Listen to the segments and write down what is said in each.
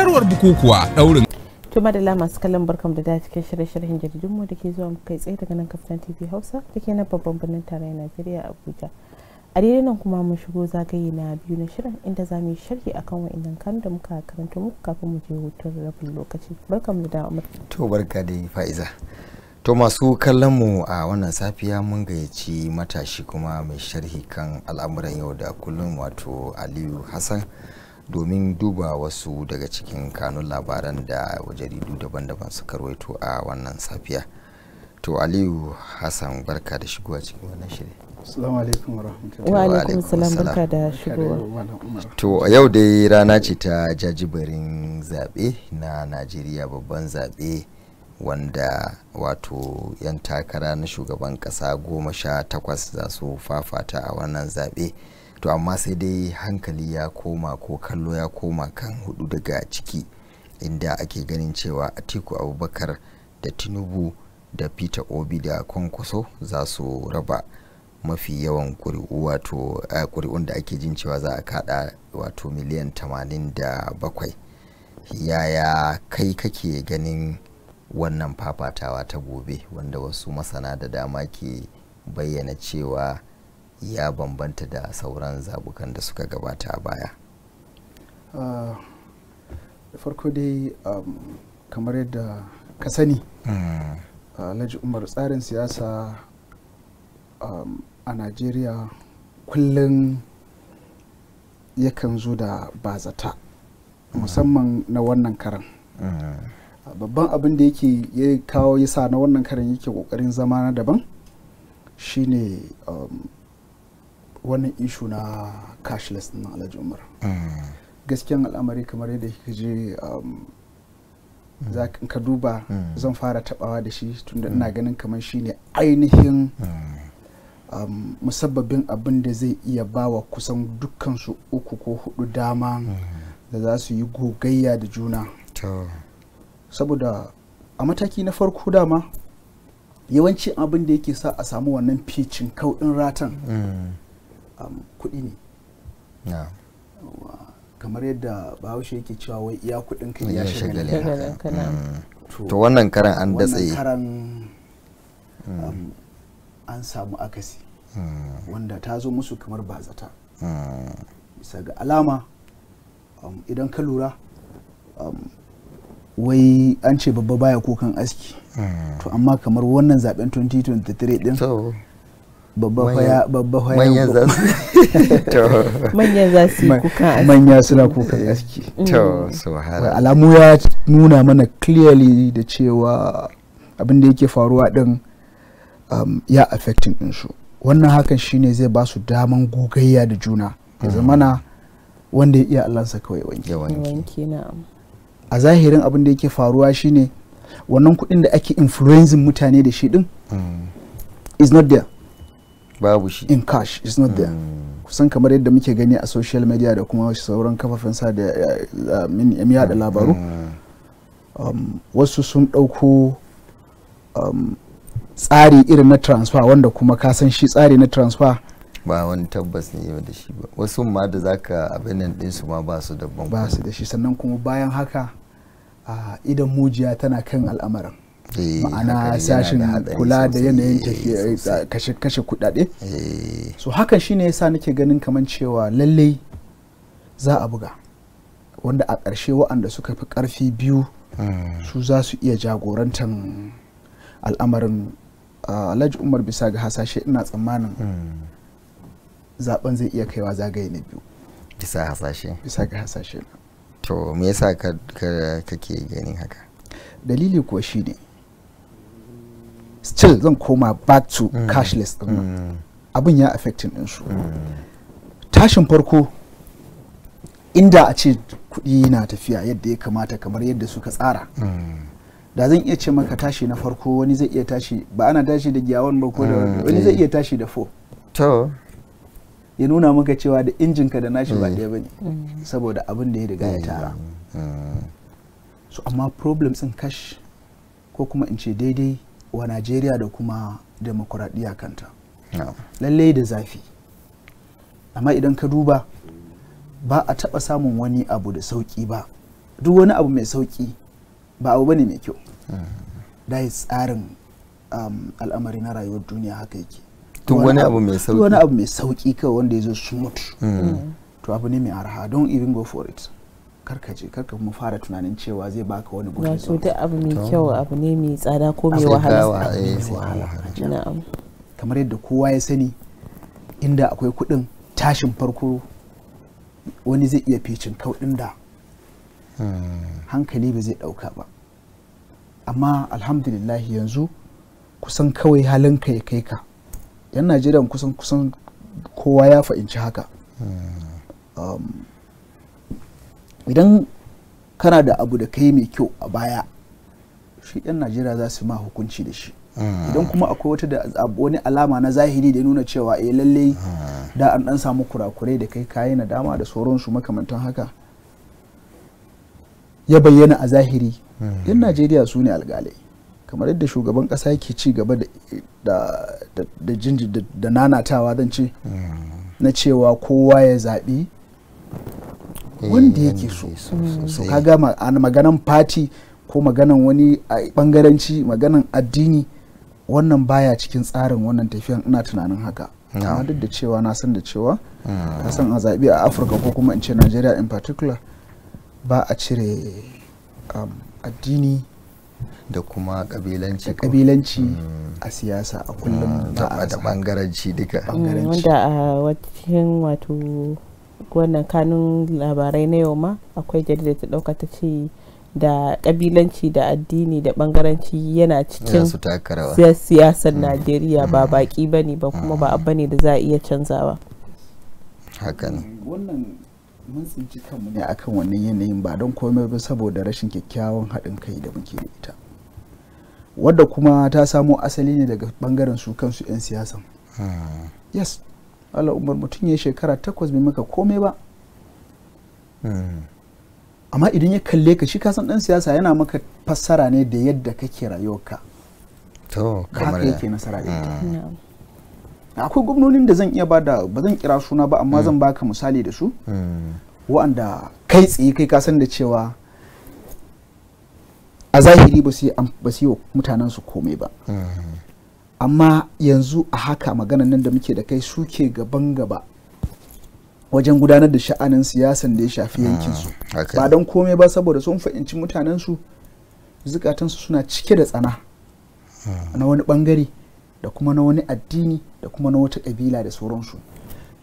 sanarwar bukukuwa daurin to madalla masu kallon barkam da dace cikin shirye-shiryen mu da ke zuwa kai tsaye daga nan kaftan tv hausa da ke babban birnin tarayyar najeriya abuja a daidai nan kuma mun shigo zagaye na biyu na shirin inda za mu yi sharhi akan wa'annan kan da muka karanta muku kafin mu je hutun rabin lokaci barkam da da'amar to barka da fa'iza to masu kallon mu a wannan safiya mun gayyaci matashi kuma mai sharhi kan al'amuran yau da kullum wato aliyu hassan domin duba wasu daga cikin kanun labaran da jaridu daban-daban suka rawaito a wannan safiya to aliyu hassan barka da shigowa cikin wannan shirin yau dai rana ce ta jajibarin zaɓe na Najeriya babban zaɓe wanda wato 'yan takara na shugaban ƙasa goma sha takwas za su fafata a wannan zaɓe. to amma sai dai hankali ya koma ko kallo ya koma kan hudu daga ciki inda ake ganin cewa atiku abubakar da tinubu da peter obi da kwankwaso za su raba mafi yawan kuri'un da ake jin cewa za a kada wato miliyan 87 yaya kai kake ganin wannan fafatawa ta gobe wanda wasu masana da dama ke bayyana cewa ya bambanta da sauran zabukan da suka gabata a baya ah, da farko dai um, kamar yadda ka sani hmm. ah, alhaji umar tsarin siyasa um, a najeriya kullum yakan zo da bazata hmm. musamman na wannan karan hmm. ah, babban abin da yake ya kawo yasa na wannan karan yake kokarin zama na daban shine um, wannan ishu na cashless na alhaji umar hmm. gaskiyan al'amari kamar yadda kika je um, hmm. ka duba hmm. zan fara tabawa da shi tunda ina ganin kamar shi ne ainihin um, musabbabin abin da zai iya bawa kusan dukkan su uku ko hudu dama da za su yi gogayya da juna saboda a mataki na farko dama yawanci abin da yake sa a samu wannan ficin kauɗin ratan Um, kuɗi ne kamar yadda bahaushe yake cewa wai iya kuɗin kai ya shagalin mm. to wannan karan an datse karan mm. um, an samu akasi mm. wanda ta zo musu kamar bazata bisa ga alama um, idan ka lura wai an ce babba baya kukan aski to amma kamar wannan zaben 2023 din babba haya manyan za su yi kuka manya suna kuka gaske mm. alamu ya nuna mana clearly da cewa abin da yake faruwa din um, ya affecting din su wannan hakan shine zai ba su daman gogayya da juna ya mm. zamana wanda ya iya allansa kawai wanke a zahirin abin da yake faruwa shine wannan kuɗin da ake influencing mutane da shi din mm. is not there babu shi in cash is not there hmm. kusan kamar yadda muke gani a social media da kuma sauran kafafen sa da yada labaru hmm. um, wasu sun ɗauko um, tsari irin na transfer wanda kuma ka san shi tsari na transfer ba wani tabbas ne yau da shi ba wasu ma da zaka abin din su ma ba su da ba su da shi sannan kuma bayan haka ah, idan mujiya tana kan al'amarin Eh, ma'ana sashin kula da yanayin eh, eh, kashe kudade so hakan shine yasa nake ganin kamar cewa lallai za a buga wanda a ƙarshe waɗanda suka fi ƙarfi biyu hmm. su za su iya jagorantar al'amarin ah, alhaji umar bisa ga hasashe ina tsammanin hmm. zaben zai iya kaiwa zagaye na biyu bisa hasashe bisa ga hasashe to me yasa ke ganin haka dalili kuwa shi ne chill zan koma back to mm. cashless din nan mm. abin ya affecting din su mm. tashin farko inda a ce kuɗi na tafiya yadda ya kamata kamar yadda suka tsara da zan iya ce maka tashi na farko wani zai iya tashi ba ana tashi da giyawan ba ko da wani zai eh. iya tashi da fo to ya nuna maka cewa da injin ka da nashi ba eh. ɗaya bane saboda abin da ya riga ya tara eh. so amma problems in kash ko kuma in ce daidai wa najeriya da kuma demokuraɗiyya kanta lallai da zafi amma idan ka duba ba a taɓa samun wani abu da sauƙi ba duk wani abu mai sauƙi ba abu bane mai kyau mm. da tsarin um, al'amari na rayuwar duniya haka yake duk wani abu mai sauƙi wani abu mai sauƙi kawai wanda ya zo smooth mm. to abu ne mai arha don even go for it karka je karka kuma fara tunanin cewa zai baka wani good zuwa wato abu mai kyau abu ne mai tsada ko mai wahala eh, kamar yadda kowa ya sani inda akwai kudin tashin farko wani zai iya fecin kauɗin da hmm. hankali ba zai ɗauka ba amma alhamdulillah yanzu kusan kawai halinka ya kai ka yan najeriya kusan kusan kowa ya fahimci haka hmm. um, idan kana da abu da kai mai kyau a baya shi 'yan najeriya za su ma hukunci da shi ah. idan kuma akwai wata da wani alama na zahiri da nuna cewa eh lalle ah. da an dan samu kurakurai da kai kayi na dama da sauransu makamantan haka ya bayyana a zahiri yan hmm. najeriya su ne alkalai kamar yadda shugaban kasa yake ci gaba da da nanatawa zan ce hmm. na cewa kowa ya zaɓi Eh, wanda yake so so kaga maganan fati ko maganan wani bangaranci maganan addini wannan baya cikin tsarin wannan tafiyan ina tunanin haka amma duk da cewa na san da cewa hmm. kasan a zaɓi a afirka ko kuma in ce nigeria in particular ba a cire um, addini da kuma kabilanci kabilanci hmm. a siyasa a kullum hmm. ba a da bangaranci duka wanda a wato wannan kanun labarai na yau ma akwai jarida ta dauka ta ce da kabilanci da addini da bangaranci yana cikin siyasar mm. najeriya ba mm. baki ba ne ba kuma ba abu ne da za a iya canzawa hakan wannan mun tsinci kanmu ne akan wannan yanayin ba don komai ba saboda rashin kyakkyawan haɗin kai da muke da ita wadda kuma ta samo asali ne daga bangaren su kansu 'yan siyasa mm. yes Allah umar mutum ya shekara takwas bai maka komai ba amma idan ya kalle ka shi kasan ɗan siyasa yana maka fassara ne da yadda kake rayuwarka to kamar yake nasara da ita mm. akwai gwamnonin da zan iya ba da ba zan kira suna ba amma mm. zan baka misali da su mm. wa'anda kai tsaye kai kasan da cewa a zahiri ba su yi wa mutanensu komai ba amma yanzu a haka maganan nan da muke da kai suke gaban gaba wajen gudanar da sha'anin siyasan da ya shafi hmm, yankin su. ba don komai ba saboda sun fahimci mutanensu su suna cike da tsana hmm. na wani bangare da kuma na wani addini da kuma na wata kabila da sauransu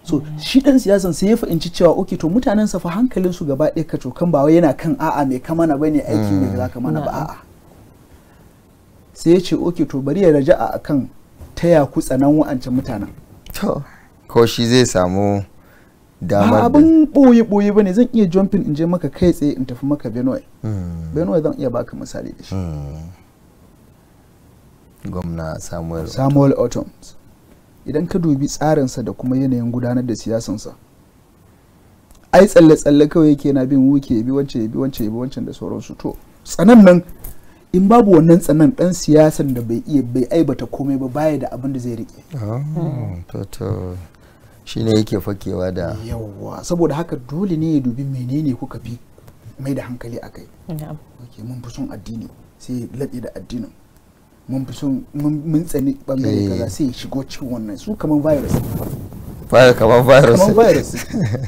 so shi dan siyasan sai ya fahimci cewa oke to mutanen sa fa hankalin su gaba ɗaya kacokan ba wai yana kan a'a mai kamana bane aiki ne zaka mana ba hmm. a'a sai ya ce oke to bari ya raja'a akan taya ku tsanan wa'ancan mutanen to ko shi zai samu damar abin boye boye bane zan iya jumping in je maka kai tsaye in tafi maka Benue hmm. Benue zan iya baka misali da shi hmm. gwamna Samuel Samuel autumns idan ka dubi tsarinsa da kuma yanayin gudanar da siyasansa ai tsalle-tsalle kawai yake na bin wuke ya bi wancan ya bi wancan ya bi wancan da sauransu to tsanan nan in babu wannan tsanan dan siyasan da bai iya bai aibata komai ba baya da abin da zai rike ah, shi ne yake fakewa da yawwa saboda haka dole ne ya dubi menene kuka fi mai da hankali a kai mun fi son addini sai laɗe da addinin mun fi son mun tsani bangare eh. kaza sai shigo cikin wannan su kaman virus fire kaman virus kaman virus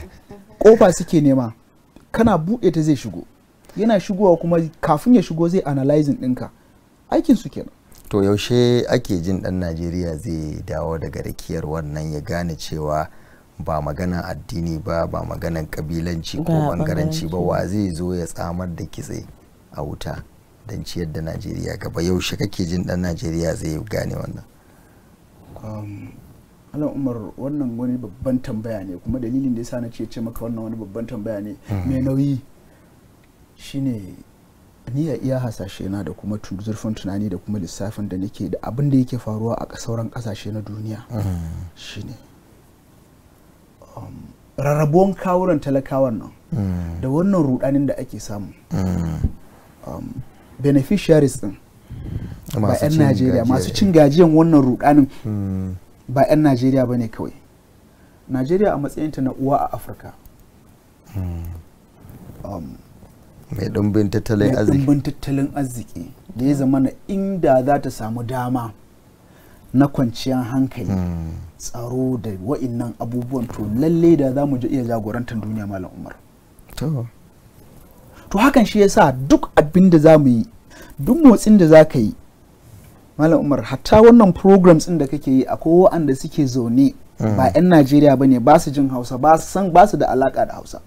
kofa suke nema kana buɗe ta zai shigo yana shigowa kuma kafin ya shigo zai analyzing ɗinka aikin su kenan to yaushe ake jin dan najeriya zai dawo daga rakiyar wannan ya gane cewa ba maganan addini ba ba maganan kabilanci ko bangaranci ba wa zai zo ya tsamar da kitse a wuta don ciyar da najeriya gaba yaushe kake jin dan najeriya zai gane wannan um, alan umar wannan wani babban tambaya ne kuma dalilin da ya sa na ce ce maka wannan wani babban tambaya ne mai hmm. nauyi shine ni ya iya hasashe na da kuma zurfin tunani da kuma lissafin da nake da abin da yake faruwa a sauran kasashe na duniya mm-hmm. shine um, rarrabuwan kawuran talakawan nan mm. da wannan rudanin da ake samu mm. um, beneficiaries din ba 'yan najeriya masu cin gajiyan wannan rudanin mm. ba 'yan najeriya ba ne kawai najeriya a matsayinta na uwa a afirka um, mai dumbin tattalin arziki mai tattalin arziki da ya zama na inda za ta samu dama na kwanciyar hankali hmm. tsaro da wa'innan abubuwan to lalle da za mu iya jagorantar duniya malam umar to hakan shi yasa duk abin da za mu yi duk motsin da za ka yi malam umar hatta wannan programs ɗin da kake yi akwai wa'anda suke zaune ba 'yan hmm. najeriya ba ne ba su jin hausa ba su da alaka da hausa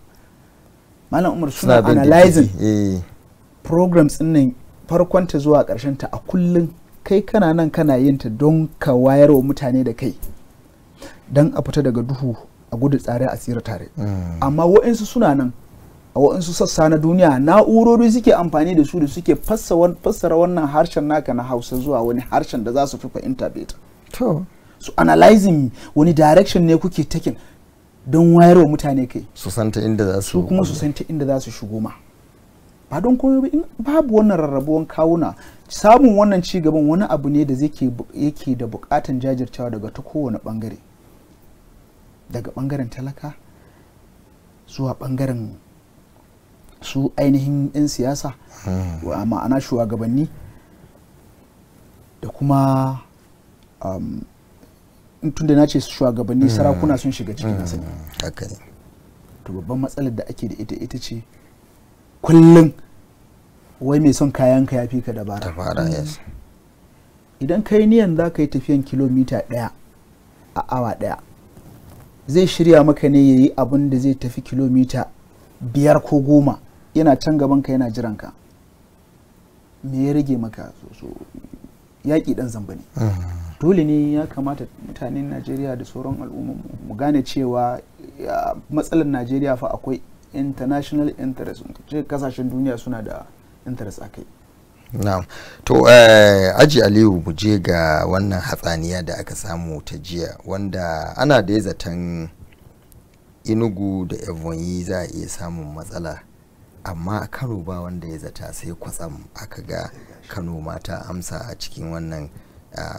malam umar suna analyzing eh. programs din nan farkon ta zuwa karshen ta a kullun kai kana nan kana yin ta don ka wayar wa mutane da kai don a fita daga duhu a gudu tsare a tsira tare hmm. amma wa'insu suna nan a wa'insu sassa na duniya na'urori suke amfani da su da suke fassara wannan harshen naka na hausa zuwa wani harshen da za su fi fahimta beta to so analyzing wani direction ne kuke taking don wayarwa mutane kai su santa inda za su kuma su santa inda za su shigo ma ba don komai ba in babu wannan rarrabuwan kawuna samun wannan ci gaban wani abu ne da yake da bukatan jajircewa daga ta kowane bangare daga bangaren talaka zuwa bangaren su ainihin 'yan siyasa hmm. ma'ana shugabanni da kuma um, tunda na ce shugabanni mm. sarakuna sun shiga cikin mm. asali to babban matsalar da ake da ita ita ce kullum wai mai son kayan ka ya fi ka dabara mm. idan kai niyan za ka yi tafiyan kilomita ɗaya a awa ɗaya zai shirya maka ne ya yi abin da zai tafi kilomita biyar ko goma yana can gaban ka yana jiran ka me ya rage maka so yaƙi ɗan zamba ne dole ne ya kamata mutanen najeriya da sauran al'umma mu gane cewa matsalar najeriya fa akwai international interest kasashen duniya suna da interest a kai na'am to eh, aji aliyu mu je ga wannan hatsaniya da aka samu ta jiya wanda ana da zaton inugu da ebonyi za a iya samun matsala amma a kano ba wanda ya zata sai kwatsam aka ga kano mata amsa a cikin wannan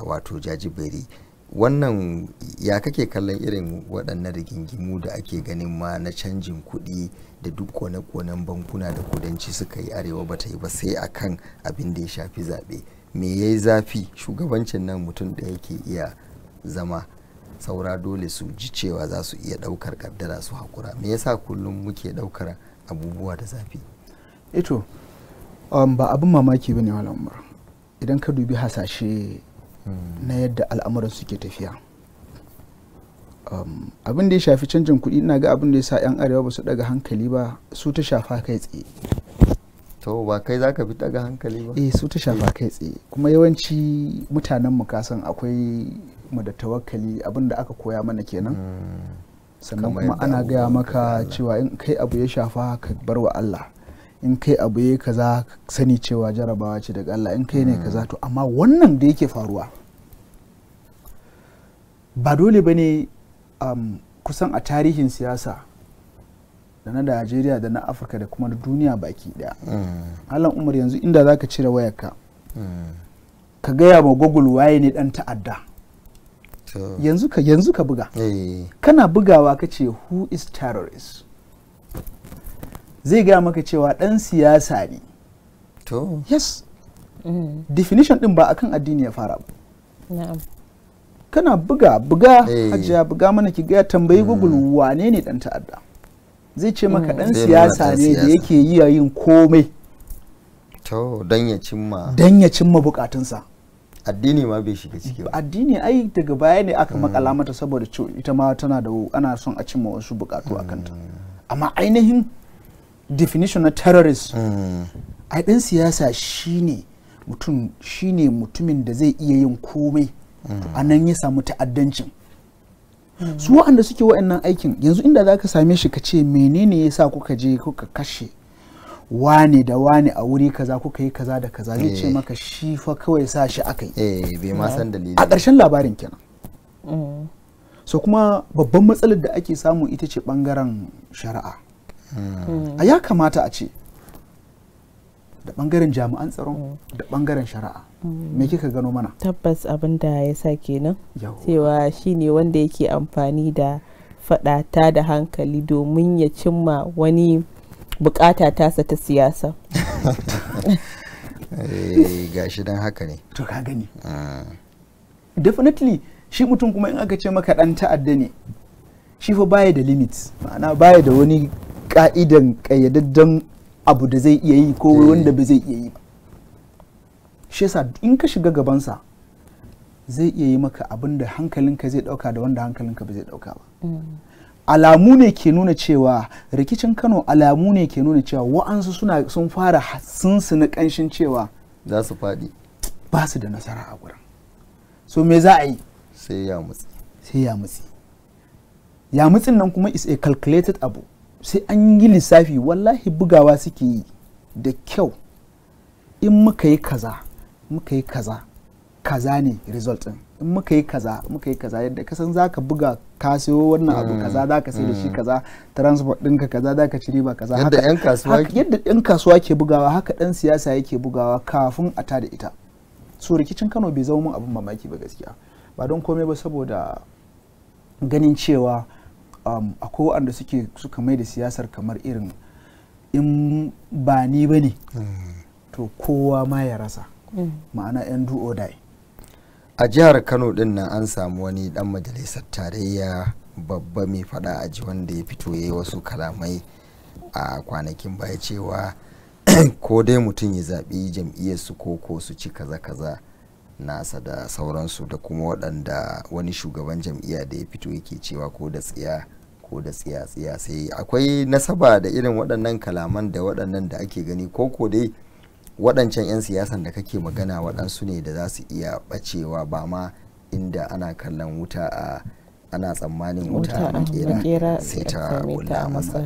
wato jajiberi wannan ya kake kallon irin waɗannan rigingimu da ake ganin ma na canjin kuɗi da duk kone-konen bankuna da kudanci suka yi arewa bata yi ba sai a kan abin da ya shafi zaɓe me ya yi zafi shugabancin nan mutum da yake iya zama saura dole su ji cewa za su iya ɗaukar ƙaddara su haƙura me yasa kullum muke ɗaukar abubuwa da zafi ito eh um, ba abin mamaki ba ne idan ka dubi hasashe na yadda al'amuran suke tafiya um, abin da ya shafi canjin kuɗi ina ga abin da ya sa 'yan arewa ba su daga hankali ba su ta shafa kai tsaye to ba kai za ka fi daga hankali ba eh su ta shafa kai tsaye kuma yawanci mutanen mu kasan akwai mu da tawakkali abin da aka koya mana kenan hmm. sannan kuma ana gaya maka cewa in kai abu ya shafa ka bar wa Allah in kai abu ka kaza sani cewa jarabawa ce daga Allah in kai ne kaza to amma wannan da yake faruwa ba dole ba ne um, kusan a tarihin siyasa da na Najeriya da na Afirka da kuma na duniya baki daya. halin Umar yanzu inda za ka cire wayarka. Ka gaya ma Google waye ne dan ta'adda. Yanzu yanzu ka buga. Eh. Kana bugawa ka ce who is terrorist? zai gaya maka cewa ɗan siyasa ne to yes mm. definition ɗin ba akan addini ya fara ba kana buga buga eh. hajiya buga mana ki gaya tambayi mm. google wane ne ɗan ta'adda zai ce maka mm. ɗan siyasa ne da yake yi yin komai to don ya cimma don ya cimma bukatunsa addini ma bai shiga ciki addini ai daga baya ne aka makala mata saboda ita ma tana da ana son a cimma wasu bukatu a kanta amma ainihin definition na terrorist mm. a ɗan siyasa shine mutum shine mutumin da zai iya yin komai mm. a nan ya samu ta'addancin su waɗanda suke waɗannan aikin yanzu inda za ka same shi ka ce menene ya sa kuka je kuka kashe wane da wane a wuri kaza kuka yi kaza da kaza zai ce eh. maka shi fa kawai sa shi aka yi eh, a ƙarshen labarin kenan mm. so kuma babban matsalar da ake samu ita ce bangaren shari'a Hmm. a ya kamata a ce da bangaren jami'an tsaron hmm. da bangaren shari'a hmm. me kika gano mana tabbas abin da ya sa kenan cewa shine wanda yake amfani da fadata da hankali domin ya cimma wani bukata tasa ta siyasa eh, gashi don haka ne to ka gani ah. definitely shi mutum kuma in aka ce maka dan ta'adda ne shi fa baya da limit ma'ana baya da wani ka'idan kayyadaddan abu da zai iya yi ko eh. wanda ba zai iya yi ba shi yasa in ka shiga gabansa zai iya yi maka abin da hankalinka zai dauka da wanda hankalinka ba zai dauka ba mm. alamu ne ke nuna cewa rikicin kano alamu ne ke nuna cewa wa'ansu suna sun fara sun na kanshin cewa za su faɗi ba su da nasara a gurin so me za a yi sai ya mutsi sai ya mutsi ya mutsin nan kuma is a calculated abu sai an yi lissafi wallahi bugawa suke yi da kyau in muka yi kaza muka yi kaza kaza ne result in muka yi kaza muka yi kaza yadda kasan za ka buga ka wannan abu kaza za ka sai da shi mm. kaza transport ɗinka kaza za ka ci kaza yadda yan kasuwa ke bugawa haka dan siyasa yake bugawa kafin a tada ita so rikicin Kano bai zama mun abin mamaki ba gaskiya ba don komai ba saboda ganin cewa um, akwai waɗanda suke suka mai da siyasar kamar irin in ba ni ba ne hmm. to kowa ma ya rasa hmm. ma'ana yan du'o dai a jihar kano din nan an samu wani dan majalisar tarayya babba mai fada a ji wanda ya fito ya yi wasu kalamai a kwanakin baya cewa ko dai mutum ya zaɓi jam'iyyarsu ko ko su ci kaza kaza nasa da sauransu da kuma waɗanda wani shugaban jam'iyya da ya fito yake cewa ko da tsiya ko da tsiya tsiya sai akwai nasaba da irin waɗannan kalaman da waɗannan da ake gani ko ko dai waɗancan 'yan siyasan da kake magana waɗansu ne da za su iya ɓacewa ba ma inda ana kallon wuta a ana tsammanin wuta a makera sai ta wula masa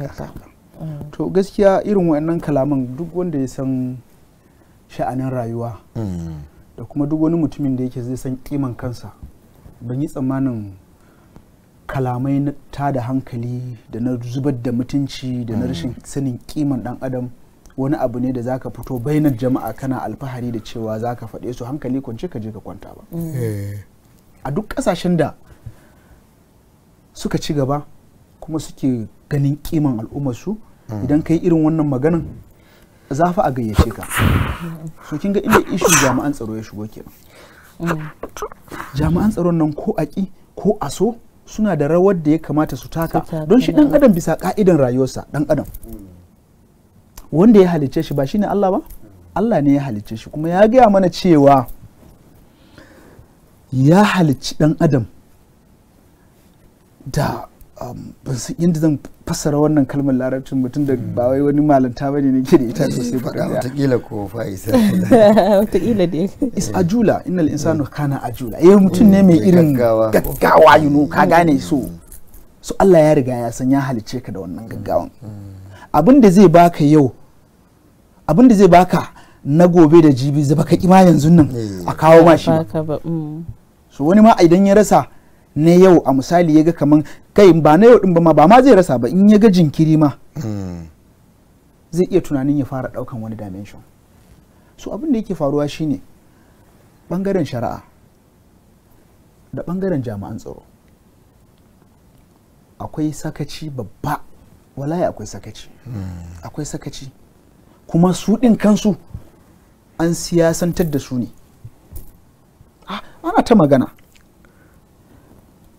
mm. to gaskiya irin waɗannan kalaman duk wanda ya san sha'anin rayuwa mm. da kuma duk wani mutumin da yake zai san kiman kansa ban yi tsammanin kalamai na tada hankali da na zubar da mutunci da na rashin mm. sanin kiman dan adam wani abu ne da zaka fito bainar jama'a kana alfahari da cewa zaka faɗe su hankali kwance ka je ka kwanta ba mm. eh. a duk ƙasashen da suka ci gaba kuma suke ganin kiman al'ummarsu mm. idan ka yi irin wannan maganan za fa a gayyace ka so kin ga inda ishu jami'an tsaro ya shigo kenan jami'an tsaron nan ko a ƙi ko a so suna da rawar da ya kamata su taka don shi dan adam bisa ka'idan rayuwarsa dan adam wanda ya halicce shi ba shine Allah ba Allah ne ya halicce shi kuma ya gaya mana cewa ya halicci dan adam da Um, ban san inda zan fassara wannan kalmar larabcin mutum da ba wai wani malanta bane nake da ita sosai eh, faɗa wataƙila ko fa'isa wataƙila da is ajula innal insanu kana ajula eh mutum ne mai eh, irin gaggawa you know ka mm. gane so so Allah ya riga ya san ya halice ka da wannan mm, gaggawan mm. abin da zai baka yau abin da zai baka na gobe da jibi zai baka kima yanzu nan eh. a kawo ma shi so wani ma idan ya rasa na yau a misali ya ga kaman kai ba na yau din ba ba ma zai rasa ba in ya ga jinkiri ma hmm. zai iya tunanin ya fara daukan wani dimension so abin da yake faruwa shine bangaren shari'a da bangaren jami'an tsaro akwai sakaci babba walai akwai sakaci hmm. akwai sakaci kuma su ɗin kansu an siyasantar da su ne ah, ana ta magana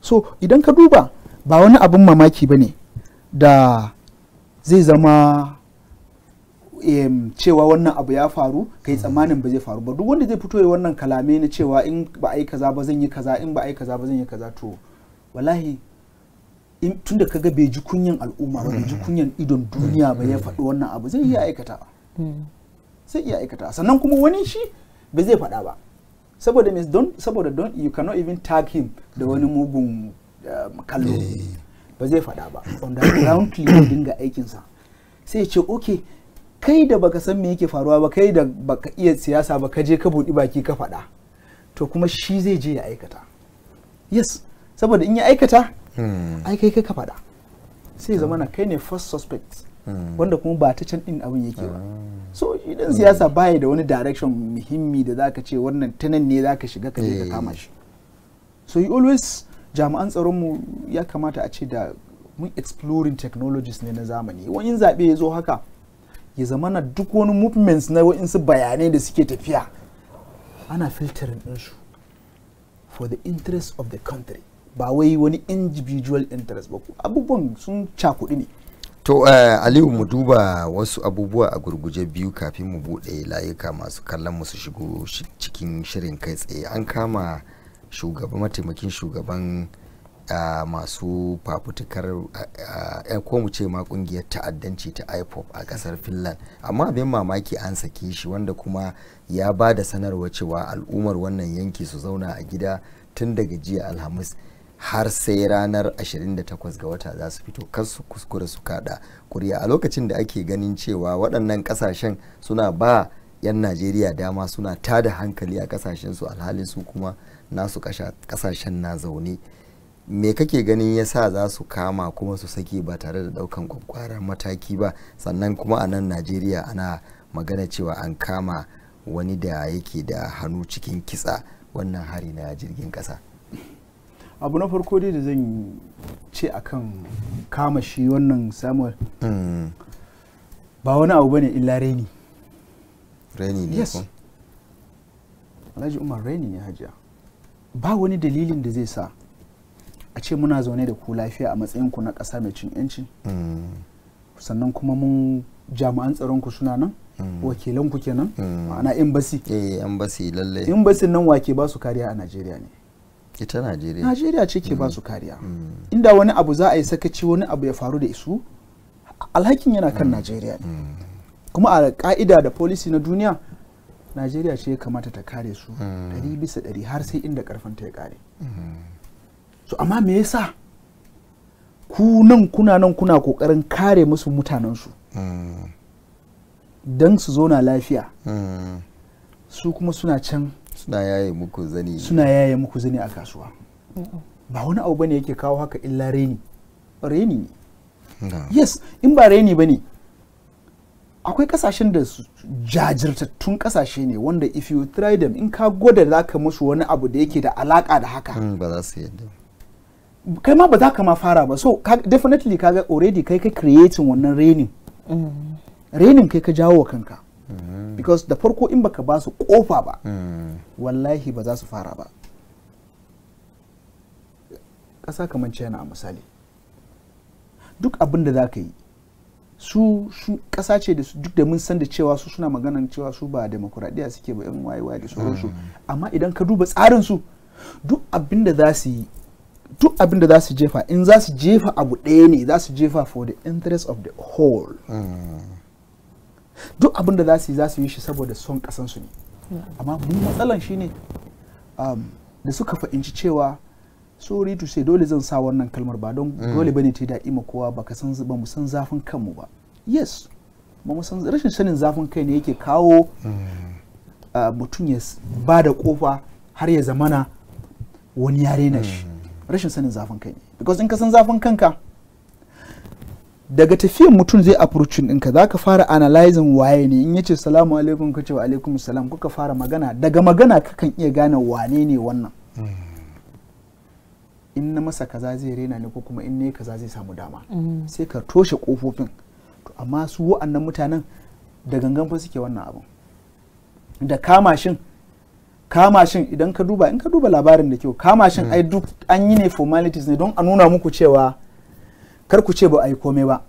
so idan ka duba ba wani abin mamaki ba ne da zai zama cewa wannan abu ya faru kai tsammanin ba zai faru ba duk wanda zai fito ya wannan kalame na cewa in ba ai kaza ba zan yi kaza in ba ai kaza ba zan yi kaza to wallahi tun da kaga bai ji kunyan al'umma ba bai ji kunyan idon duniya ba ya faɗi wannan abu zai iya aikata mm. zai iya aikata sannan kuma wani shi ba zai faɗa ba saboda me don saboda don you cannot even tag him da wani mm-hmm. mugun um, kallo ba zai faɗa ba on the ground clean dinga aikinsa sai ce ok kai da baka san me yake faruwa ba kai da baka iya siyasa ba ka je ka buɗi baki ka faɗa to kuma shi zai je ya aikata yes saboda in ya aikata hmm. ai kai kai ka faɗa sai zama na hmm. kai ne first suspect Hmm. wanda kuma ba ta can din abin yake ba ah. so idan hmm. siyasa baya da wani direction muhimmi da zaka ce wannan tunan ne zaka shiga ka je ka eh. kama shi so you always jami'an tsaron mu ya kamata a ce da mun exploring technologies ne na zamani wani zaɓe ya zo haka ya zama na duk wani movements na wa'insu bayanai da suke tafiya ana filtering ɗinsu for the interest of the country ba wai wani individual interest ba abubuwan sun cakuɗi ne to eh, aliyu mu duba wasu abubuwa a gurguje biyu kafin mu buɗe layuka masu kallon musu su shigo cikin shirin kai tsaye an kama shugaban mataimakin shugaban uh, masu fafutukar uh, ko mu ce ma kungiyar ta'addanci ta ipop a kasar finland amma abin mamaki an sake shi wanda kuma ya ba da sanarwa cewa al'ummar wannan yanki su zauna a gida tun daga jiya alhamis har sai ranar 28 ga wata za su fito kar su kuskure su kada kuri'a a lokacin da ake ganin cewa waɗannan ƙasashen suna ba 'yan najeriya dama suna tada hankali a ƙasashen su alhalin su kuma nasu ƙasashen na zaune me kake ganin ya sa za su kama kuma su saki ba tare da ɗaukan kwakwaran mataki ba sannan kuma a nan najeriya ana magana cewa an kama wani da yake da hannu cikin kitsa wannan hari na jirgin kasa. abu na farko dai da zan ce akan kama shi wannan samuel hmm. ba wani abu bane illa reni reni ne yes alhaji umar reni ne hajiya ba wani dalilin da zai sa a ce muna zaune da ku lafiya a matsayin ku na ƙasa mai cin yanci hmm. sannan kuma mun jami'an tsaron ku suna nan hmm. wakilan ku kenan ma'ana embassy eh embassy lalle embassy nan wake ba su kariya a Najeriya ne ita najeriya najeriya ce ke ba mm. su kariya mm. inda wani abu za a yi sakaci wani abu ya faru da isu alhakin yana kan mm. najeriya ne kuma a ka'ida da policy na duniya najeriya ce ya kamata ta kare su ɗari bisa ɗari har sai inda ta ya kare so amma me yasa ku nan kuna nan kuna kokarin kare musu mutanensu don su zo na lafiya su kuma suna can suna yaye muku zani suna yaye muku zani a kasuwa ba wani abu bane yake kawo haka illa reni reni ne yes in ba reni bane akwai kasashen da jajirtattun kasashe ne wanda if you try them in ka gwada za ka musu wani abu da yake da alaka da haka hmm, ba za su yadda kai ma ba za ka ma fara ba so definitely ka ga already kai ka creating wannan reni mm. renin kai ka jawo wa kanka because da farko in baka ba su kofa ba wallahi ba za su fara ba ƙasa kamar china a misali duk abin da za ka yi su su ƙasa ce da duk da mun san da cewa su suna maganan cewa su ba demokuraɗiyya suke ba yan wayewa da sauransu amma idan ka duba tsarin su duk abin da za su yi duk abin da za su jefa in za su jefa abu ɗaya ne za su jefa for the interest of the whole duk abin da za su yi za su yi shi saboda son kasansu ne amma mu matsalan shine um, da suka fahimci cewa sorry to say dole zan sa wannan kalmar ba don mm. dole bane ta daɗi ma kowa ba san ba mu san zafin kanmu ba yes ba mu san rashin sanin zafin kai ne yake kawo mm. uh, mutum ya ba da kofa har ya zamana wani yare na shi mm. rashin sanin zafin kai ne because in ka san zafin kanka daga tafiyan mutum zai approachin ɗinka za ka fara analyzing waye ne in yace salamu alaikum ka wa alaikum salam kuka fara magana daga magana kakan iya gane wane ne wannan hmm. in na masa kaza zai rena ne ko kuma in ne kaza zai samu dama hmm. sai ka toshe kofofin to amma su wa'annan mutanen da gangan fa suke wannan abu da kamashin shin idan ka duba in ka duba labarin da kyau kama shin hmm. ai duk an yi ne formalities ne don a nuna muku cewa kar ku ce ba a yi komai ba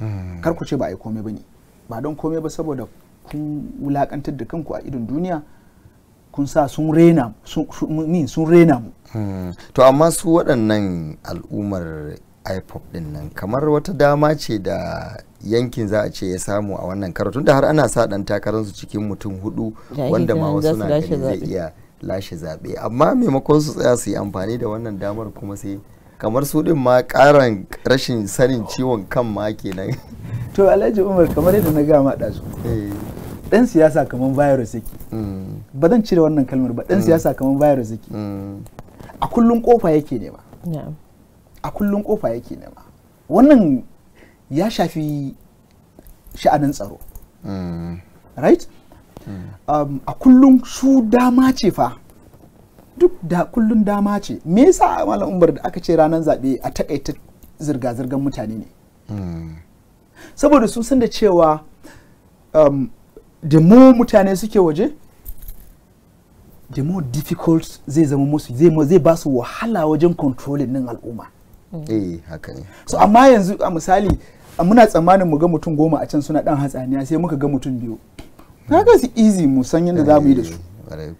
hmm. kar ku ce ba a yi komai ba ne ba don komai ba saboda kun wulakantar da kanku a idon duniya kun sa sun rena min sun rena mu hmm. to amma su waɗannan al'ummar ipop din nan kamar wata dama ce da yankin za a ce ya samu a wannan karo tunda har ana sa ɗan takararsu cikin mutum hudu wanda ma wasu na zai iya lashe zaɓe amma maimakon su tsaya su yi amfani da wannan damar kuma sai kamar su din ma karan rashin sanin ciwon kan ma kenan to alhaji umar kamar yadda na gama ɗazu dan eh. siyasa kamar virus yake mm. ba zan cire wannan kalmar ba dan mm. siyasa kamar virus yake mm. a kullun kofa yake ne ba a kullun kofa yake ne ba wannan ya shafi sha'anin tsaro right um, a kullun su dama ce fa duk da kullun dama ce me yasa malam umar da aka ce ranar zaɓe a takaita zirga-zirgar mutane ne saboda sun san da cewa um, da mu mutane suke waje the more difficult zai zama musu zai ba su wahala wajen controlling din al'umma eh haka ne so amma yanzu a misali muna tsammanin mu ga mutum goma a can suna dan hatsaniya sai muka ga mutum biyu kaga su easy mu yadda za mu yi da su eh,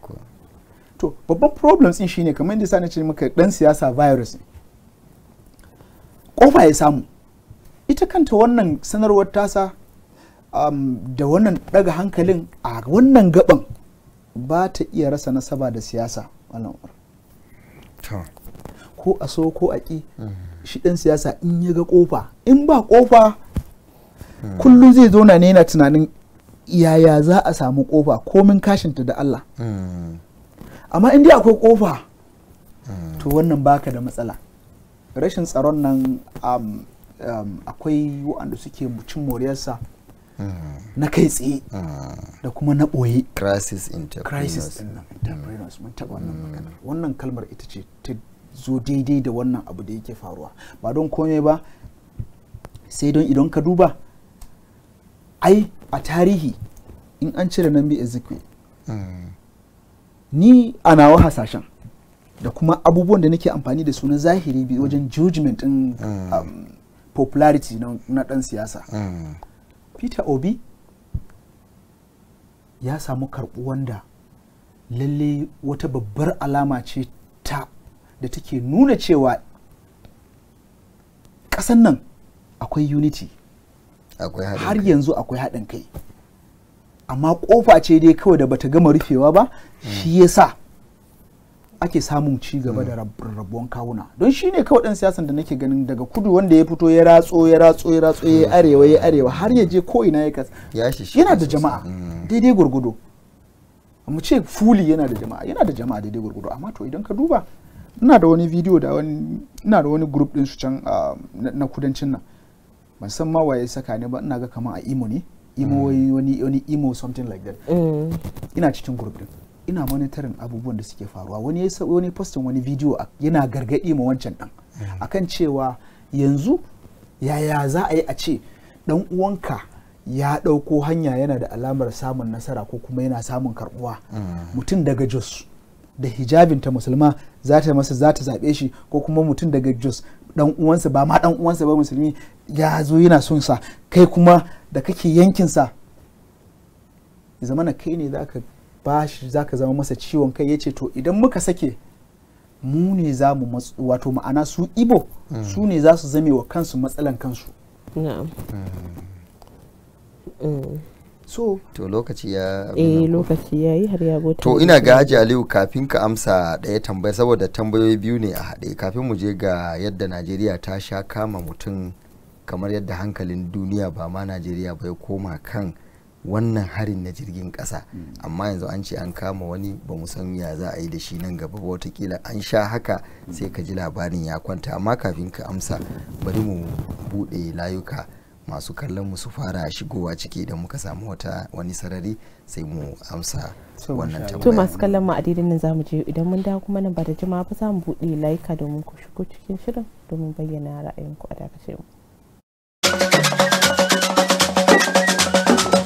to babban problems din shine kamar yadda sani ce maka dan siyasa virus ne kofa ya samu ita kanta wannan sanarwar tasa um, da wannan daga hankalin a wannan gaban ba ta iya rasa nasaba da siyasa ko a so ko a ki mm. shi dan siyasa in ya ga kofa in ba kofa mm. kullum zai zo na ne na tunanin yaya za a samu kofa komin kashinta da Allah mm. amma in akwai kofa to wannan baka da matsala rashin tsaron nan um, um, akwai waɗanda suke mucin moriyarsa mm. na kai tsaye mm. da kuma na ɓoye crisis entrepreneurs mm. mun taɓa wannan maganar wannan kalmar ita ce ta zo daidai da wannan abu da yake faruwa ba don komai ba sai don idan ka duba ai a tarihi in an cire nan bi ezekiel. ni a nawa hasashen da kuma abubuwan da nake amfani da su na zahiri bi wajen judgment din mm. um, popularity na dan siyasa mm. peter obi ya samu karbu wanda lalle wata babbar alama ce ta da take nuna cewa kasan nan akwai unity har yanzu akwai haɗin kai amma kofa ce dai kawai da bata gama rufewa ba hmm. shi yasa ake samun ci gaba da rabuwan kawuna don shi ne kawai ɗan siyasan da nake ganin daga kudu wanda ya fito ya ratso ya ratso ya ratso ya hmm. arewa ya arewa har ya je ko ina ya kasa yana da jama'a hmm. daidai gurgudu mu ce fuli yana da jama'a yana da jama'a daidai gurgudu amma to idan ka duba ina da wani bidiyo da wani ina da wani group din su can ah, na kudancin nan ban san ma waye saka ne ba ina ga kamar a imo ne imo hmm. wani wani imo something like that hmm. ina cikin group din ina monitoring abubuwan da suke faruwa wani ya wani posting wani video yana gargadi ma wancan dan hmm. akan cewa yanzu yaya za a yi a ce dan uwanka ya ɗauko hanya yana da alamar samun nasara ko kuma yana samun karbuwa mutum daga jos da hijabinta musulma za ta masa za ta zaɓe shi ko kuma mutum daga jos dan uwansa ba ma dan uwansa ba musulmi ya zo yana son sa kai kuma da kake yankin sa zamana kai ne zaka bashi zaka zama masa ciwon kai yace to idan muka sake mu ne za mu wato ma'ana su ibo su ne za su zame wa kansu matsalan kansu hmm. Hmm. so to lokaci ya eh lokaci ya yi har ya bota to ina ga Haji Aliyu kafin ka amsa ɗaya tambaya saboda tambayoyi biyu ne a haɗe kafin mu je ga yadda Najeriya ta sha kama mutum kamar yadda hankalin duniya ba ma Najeriya ba ya koma kan wannan harin na jirgin ƙasa mm. amma yanzu an ce an kama wani ba mu san ya za a yi da shi nan gaba ba watakila an sha haka sai ka ji labarin ya kwanta amma kafin ka amsa bari mu buɗe layuka masu kallon mu su fara shigowa ciki idan muka samu wata wani sarari sai mu amsa wannan tambaya to masu kallon mu a daidai zamu je idan mun dawo kuma nan ba da jama'a ba za mu buɗe laika domin ku shigo cikin shirin domin bayyana ra'ayinku a dakashe mu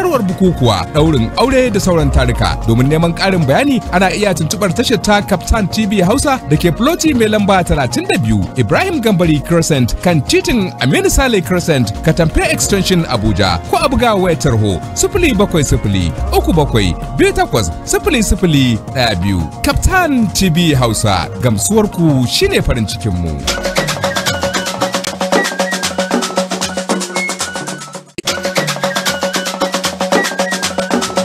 sanarwar bukukuwa daurin aure da sauran tarika domin neman karin bayani ana iya tuntubar tashar ta captain tv hausa da ke floti mai lamba 32 ibrahim gambari crescent kan titin aminu sale crescent katamfe extension abuja ko a buga wayar tarho 070 37 biyu. captain tv hausa gamsuwar ku shine farin cikin mu.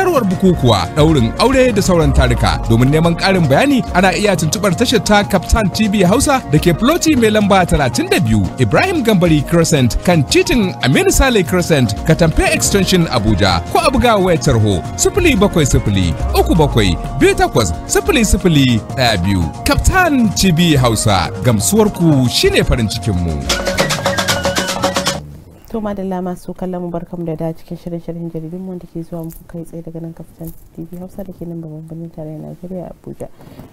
sanarwar bukukuwa daurin aure da sauran tarika domin neman karin bayani ana iya tuntuɓar tashar ta captain tv hausa da ke floti mai lamba 32 ibrahim gambari crescent kan titin aminu sale crescent Katampe extension abuja ko a buga wayar tarho 070 37 0800 biyu captain tv hausa gamsuwar ku shine farin cikinmu. mu to madalla masu kallon mu barkamu da da cikin shirin shirin jaridun mu wanda ke zuwa muku kai tsaye daga nan kaftan tv hausa da ke nan babban birnin tarayyar najeriya abuja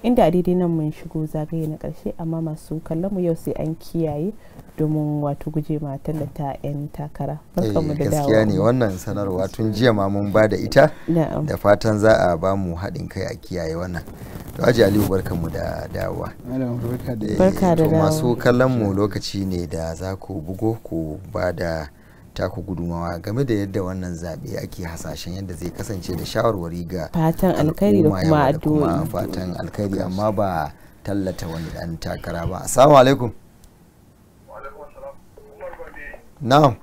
inda a daidai nan mun shigo zagaye na karshe amma masu kallon mu yau sai an kiyaye domin wato guje ma tallata 'yan takara barkamu da eh, dawo gaskiya ne wannan sanarwa tun jiya ma mun ba da ita da fatan za a ba mu haɗin kai a kiyaye wannan to aji aliyu barkamu da dawowa barka da eh, masu kallon mu lokaci ne da za ku bugo ku ba da taku gudumawa game da yadda wannan zaɓe ake hasashen yadda zai kasance da shawarwari ga fatan alkhairi da kuma addu'o'i fatan alkhairi amma ba tallata wani dan takara ba assalamu alaikum na'am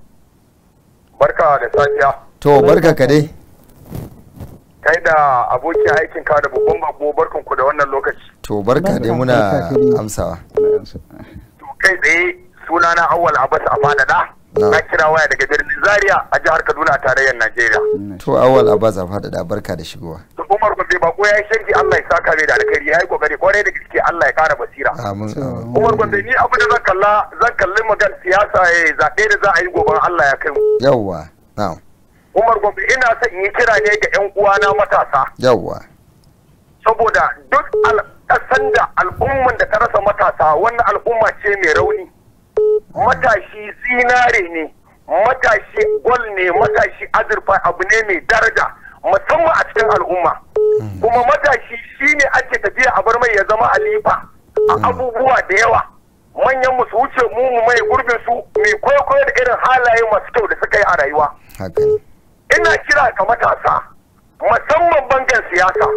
barka da safiya to barka ka dai kai da abokin aikin ka da babban bako barkan ku da wannan lokaci to barka dai muna amsawa to kai tsaye sunana awwal abbas a fadada na kira waya daga birnin zaria a jihar kaduna a tarayyar najeriya to awal abbas fada faɗaɗa barka da shigowa umar gombe bako ya yi sharhi allah ya saka mai da alkhairi ya yi kokari kwarai da gaske allah ya kara basira umar gombe ni abu da zan kalla zan kalli magan siyasa ya eh, zaɓe da za a yi goban allah ya kai mu yawwa na'am umar gombe ina son yi kira ne ga yan uwana matasa yawwa saboda duk ƙasan da al'umman da ta rasa matasa wannan al'umma ce mai rauni matashi zinare ne matashi gwal ne matashi azurfa abu ne mai daraja musamman a cikin al'umma hmm. kuma matashi shi ne ake tafiya a bar mai ya zama alifa a hmm. abubuwa da yawa manyan mu su wuce mu mu mai gurbin su mai kwaikwayo da irin halaye masu kyau da suka yi a rayuwa ina kira ka matasa musamman bangan siyasa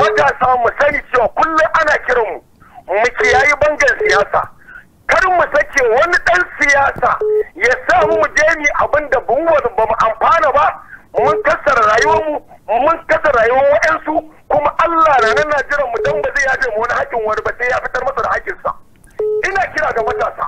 matasa mu sani cewa kullum ana kiran mu mu kiyayi bangan siyasa kar mu sake wani ɗan siyasa ya sa mu je ni abin da ba mu amfana ba mun kasar rayuwarmu mun kasar rayuwar wa'yansu kuma Allah na nan Najeriya mu dan ba zai yaje mu wani hakkin wani ba sai ya fitar masa da sa ina kira ga matasa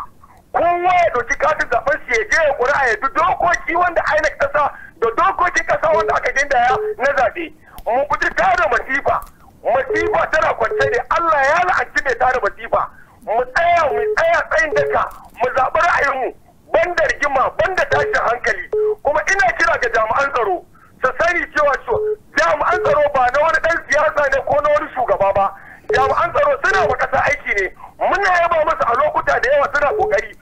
kowa ya doki katin zaben shi ya je ya ƙuri'a ya dokoki wanda INEC ta sa da dokokin ƙasa wanda aka gindaya na zaɓe mu guji tara masifa masifa tana kwance ne Allah ya la'anci mai tada masifa mu tsaya mu tsaya tsayin daka mu zaɓi ra'ayinmu ban da rigima ban da tashin hankali kuma ina kira ga jami'an tsaro su sani cewa jami'an tsaro ba na wani ɗan siyasa ne ko na wani shugaba ba jami'an tsaro suna wa ƙasa aiki ne muna yaba masu a lokuta da yawa suna ƙoƙari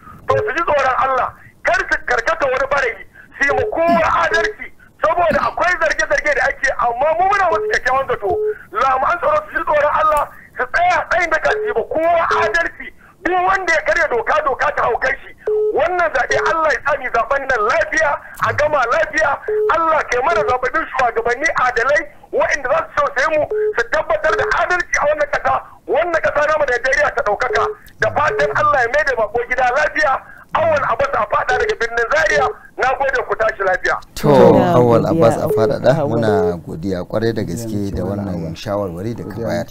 ya mana zaɓaɓɓun shugabanni adalai waɗanda za su sosai mu su tabbatar da adalci a wannan ƙasa wannan ƙasa namu Najeriya ta ɗaukaka da fatan Allah ya maida bako gida lafiya awal abbas a fada daga birnin zaria na gode ku tashi lafiya to awal abbas a fada muna godiya kwarai da gaske da wannan shawarwari da ka bayar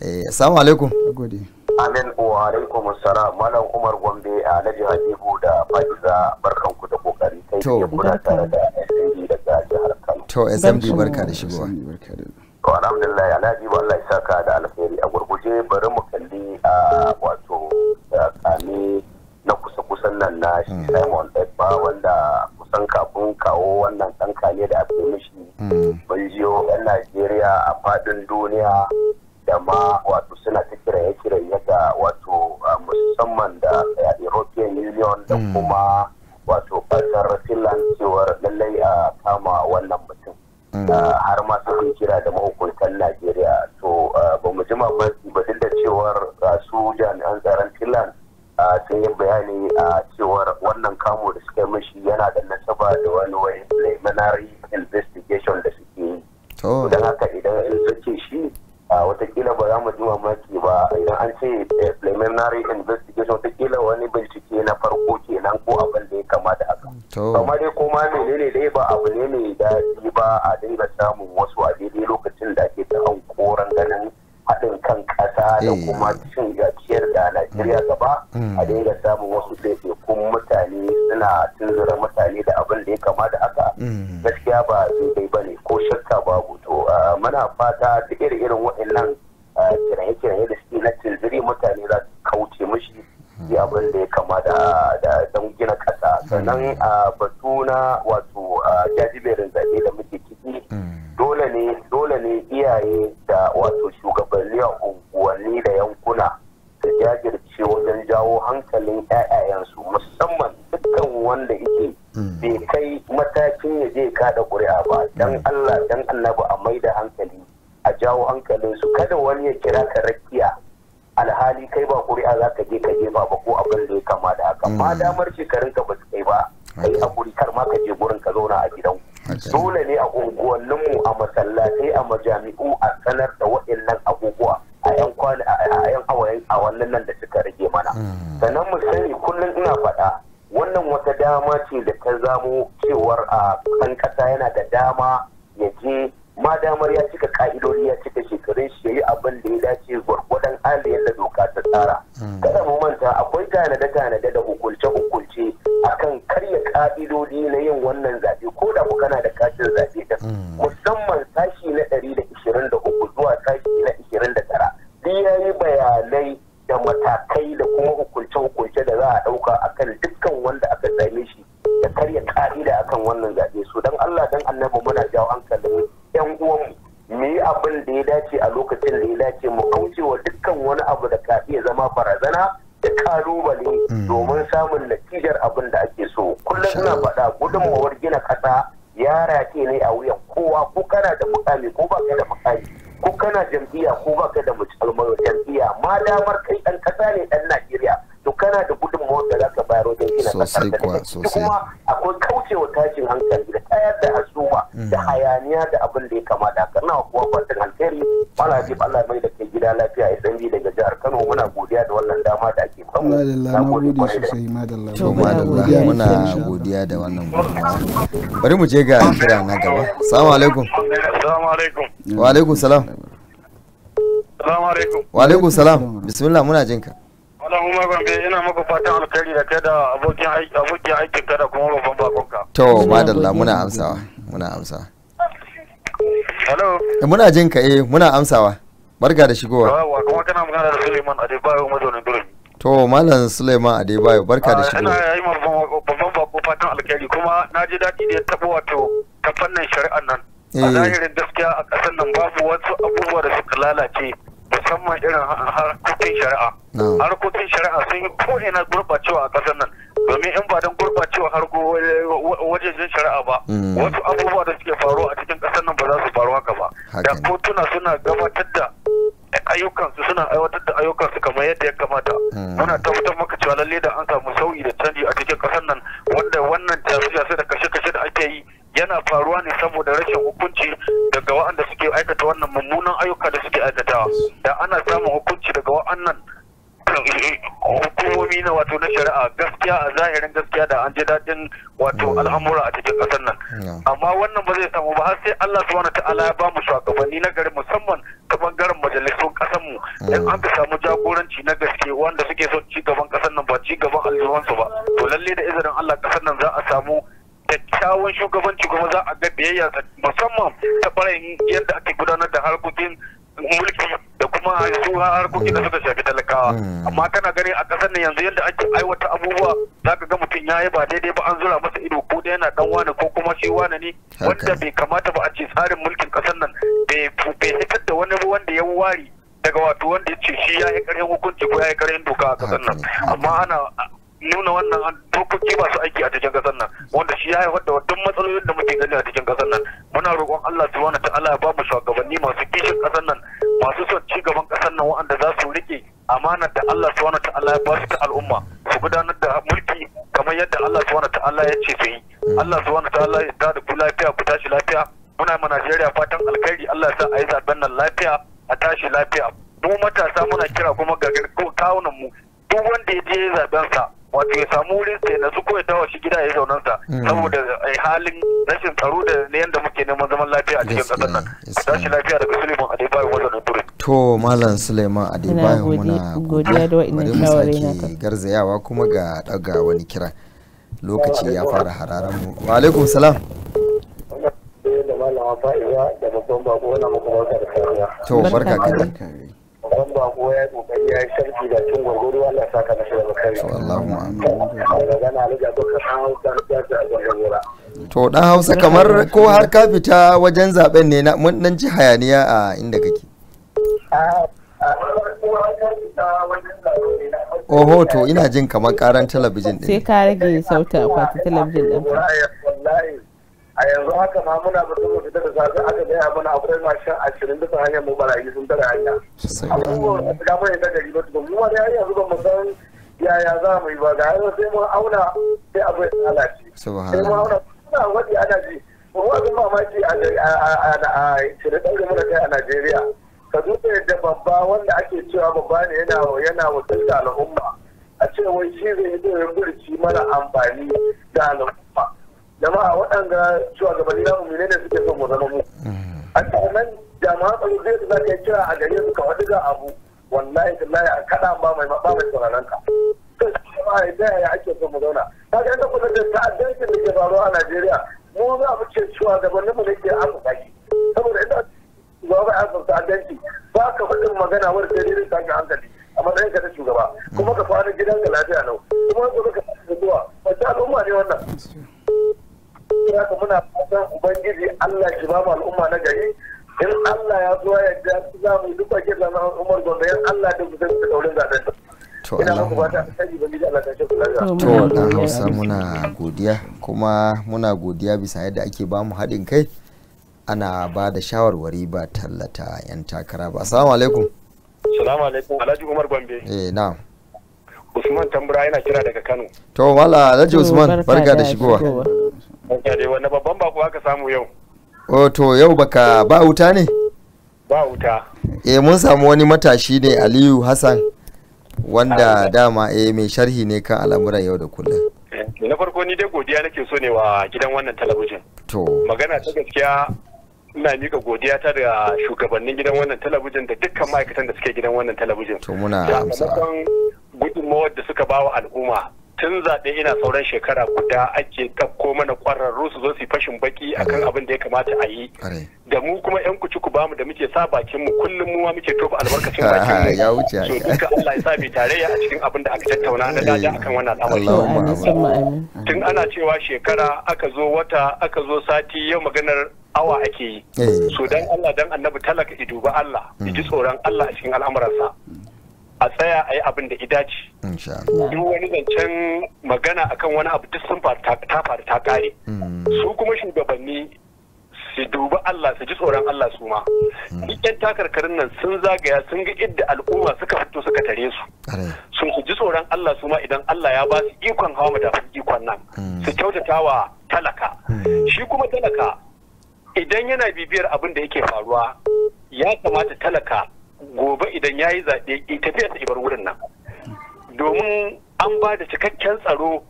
eh, assalamu alaikum amin wa alaikum assalam malam umar gombe a alhaji habibu da fa'iza barkanku da kokari kai ke kuna tare da to assembly barka da shigowa investigation da suke yi don haka idan in sace shi a watakila ba za mu ji mamaki ba idan an ce eh, preliminary investigation watakila wani bincike na farko kenan ko abin da ya kama da haka kamar dai kuma menene dai ba abu ne mai daɗi ba a dinga samun wasu a daidai lokacin da ake an koran ganin haɗin kan ƙasa da eh. kuma cin gaciyar da Najeriya gaba mm. a dinga samun wasu sai gaskiya ba daidai ba ne ko shakka babu to ah, muna fata duk tsara mm. kada mu manta akwai tanade tanade da uku. gode sosai madalla to madalla muna godiya da wannan gudunmawa bari mu je ga kira na gaba assalamu alaikum assalamu alaikum wa alaikum salam assalamu alaikum wa alaikum salam bismillah muna jinka ban ga ina maka fatan alkhairi da kai da abokin aiki abokin aiki kada da kuma ban bakonka to madalla muna amsawa muna amsawa hello eh, muna jinka eh muna amsawa barka da shigowa To Malam Suleiman Adebayo barka da ah, shigo. Ina yi babban babu fatan alkhairi kuma na ji daɗi da ya taɓa wato ta fannin shari'ar nan. A eh. zahirin gaskiya a ƙasar nan babu wasu abubuwa da suka lalace musamman irin harkokin shari'a. Harkokin shari'a sun yi ko'ina gurɓacewa a ƙasar nan. domin in ba don gurɓacewa harko eh, wajejen shari'a ba hmm. wasu abubuwa da suke faruwa a cikin ƙasar nan ba za su faru haka ba da kotuna suna gabatar da ayyukansu suna aiwatar da ayyukansu kamar yadda ya kamata hmm. muna tabbatar maka cewa lalle da an samu sauyi da canji a cikin kasar nan wanda wannan tafiya da kashe-kashe da ake yi yana faruwa ne saboda rashin hukunci daga wa'anda suke aikata wannan mummunan ayyuka da suke aikatawa da ana samun hukunci daga wa'annan hukumomi na wato na shari'a gaskiya a zahirin gaskiya da an ji daɗin wato hmm. al'amura a cikin ƙasar nan amma wannan ba zai samu ba har sai Allah subhanahu ta'ala ya ba mu shugabanni na gari musamman ta bangaren majalisun ƙasar mu hmm. in an ka samu jagoranci na gaske wanda suke son ci gaban ƙasar nan ba ci gaban su ba to lalle da izinin Allah ƙasar nan za a samu kyakkyawan shugabanci kuma za a ga biyayya musamman ta ɓarayin yadda ake gudanar da harkokin mulki da kuma yanzu harkokin da suka shafi talakawa hmm. amma kana ganin a ƙasar nan yanzu yadda ake aiwata abubuwa za ka ga mutum ya yi ba daidai ba an zura masa ido ko da yana dan wani ko kuma shi wani ne wanda bai kamata ba a ce tsarin mulkin ƙasar nan bai fitar da wani wanda ya ware daga wato wanda ya ce shi ya yi ƙarfin hukunci ko ya yi ƙarfin doka a ƙasar nan amma ana nuna wannan dokoki masu aiki a cikin kasar nan wanda shi ya haifar da duk matsalolin da muke gani a cikin kasar nan muna roƙon Allah subhanahu ta'ala ya ba mu shugabanni masu kishin kasar nan masu son ci gaban kasar nan wanda za su rike amana da Allah subhanahu ta'ala ya ba su ta al'umma su gudanar da mulki kamar yadda Allah subhanahu ta'ala ya ce su yi Allah subhanahu ta'ala ya tada ku lafiya ku tashi lafiya muna ma Najeriya fatan alkhairi Allah ya sa a yi zaben nan lafiya a tashi lafiya mu matasa muna kira kuma ga kawunan mu duk wanda ya je zaben sa wato ya samu wurin sai na su kawai dawa shi gida ya zaunan sa hmm. saboda eh, halin rashin tsaro da yadda muke neman zaman lafiya a cikin ƙasar nan tashi lafiya daga Suleiman Adebayo wannan dure. to malam Suleiman Adebayo muna godiya da wa'annan shawarai naka garzayawa kuma ga daga wani kira lokaci ya fara hararen mu wa alaikum salam to barka ka dai ya kokari ya sharki da cin Allah ya saka dan hausa to dan hausa kamar ko har ka fita wajen zaben ne na mun dan ji hayaniya a inda kake Oho to ina jin kamar karan talabijin din. Sai ka rage sautin akwati talabijin din. a yanzu haka ma muna da sun fita da safe aka gaya mana akwai mashin ashirin duka hanyar mu yi sun tara hanya abubuwan da suka mai da gari ba tukun mu wani hanyar zuba mu san yaya za mu yi ba ga yanzu sai mun auna sai abu ya lalace sai mun auna suna wadi ana ji mu abin mamaki a shirin ɗan mu kai a Najeriya ka zuba yadda babba wanda ake cewa babba ne yana yana wakilta al'umma a cewa shi zai yi doyin burci mara amfani da al'umma jama'a waɗanda shugabanni namu menene suke son mu zama mu a nan jama'a tsaro zai su zaka kira a gare su ka wani ga abu wallahi tallahi a kada ba mai ba mai sauraron ka jama'a ya ya ake son mu zauna kaga da kuma da ta'addancin da ke faruwa a Najeriya mu za mu ce shugabannin mu ne ke amsa ki saboda inda a'a ya amsa ta'addanci ba ka faɗin magana wani sai dai ka hankali a matsayin ka na shugaba kuma ka fara gidan ka lafiya nau kuma ka ka zuwa wata al'umma ne wannan haka muna fatan ubangiji Allah shi al'umma na in Allah ya zo ya ga za mu duka da Hausa muna godiya kuma muna godiya bisa yadda ake ba haɗin kai ana ba da shawarwari ba tallata 'yan takara ba assalamu alaikum assalamu alaikum alhaji umar gombe eh na'am usman tambura yana kira daga kano to wala alhaji usman barka da shigowa wani babban bako aka samu yau to yau baka ba wuta ne ba wuta E mun samu wani matashi ne aliyu hassan wanda ah, dama e mai sharhi ne kan al'amuran yau da kullum eh, na farko ni dai godiya nake so ne wa gidan wannan talabijin to magana ta gaskiya ina mika godiya ta da shugabannin gidan wannan talabijin da dukkan ma'aikatan da suke gidan wannan talabijin to muna amsa gudunmawar da suka bawa al'umma tun zaɓe ina sauran shekara guda ake ɗauko mana ƙwararru su zo su fashin baki akan abin da ya kamata a yi da mu kuma yan kuci ku bamu da muke sa bakin mu kullum mu ma muke tofa albarkacin bakin mu ya duka Allah ya sa bi tarayya a cikin abin da aka tattauna na dada akan wannan al'amari tun ana cewa shekara aka zo wata aka zo sati yau maganar awa ake yi eh. so dan Allah dan annabi talaka duba Allah hmm. ji tsoron Allah a cikin al'amuransa a tsaya a yi abin da idaci duk wani zancen magana akan wani abu duk sun ta faru ta kare mm. su kuma shugabanni su dubi Allah su ji tsoron Allah su ma mm. duk yan takarkarin nan sun zagaya sun ga idda al'umma suka fito suka tare su sun su ji tsoron Allah su ma idan Allah ya ba su ikon hawa madafin ikon nan mm. su kyautata wa talaka shi kuma talaka idan yana bibiyar abin da yake faruwa ya kamata talaka gobe idan ya yi zaɓe tafiya ta ibar wurin nan domin an ba da cikakken tsaro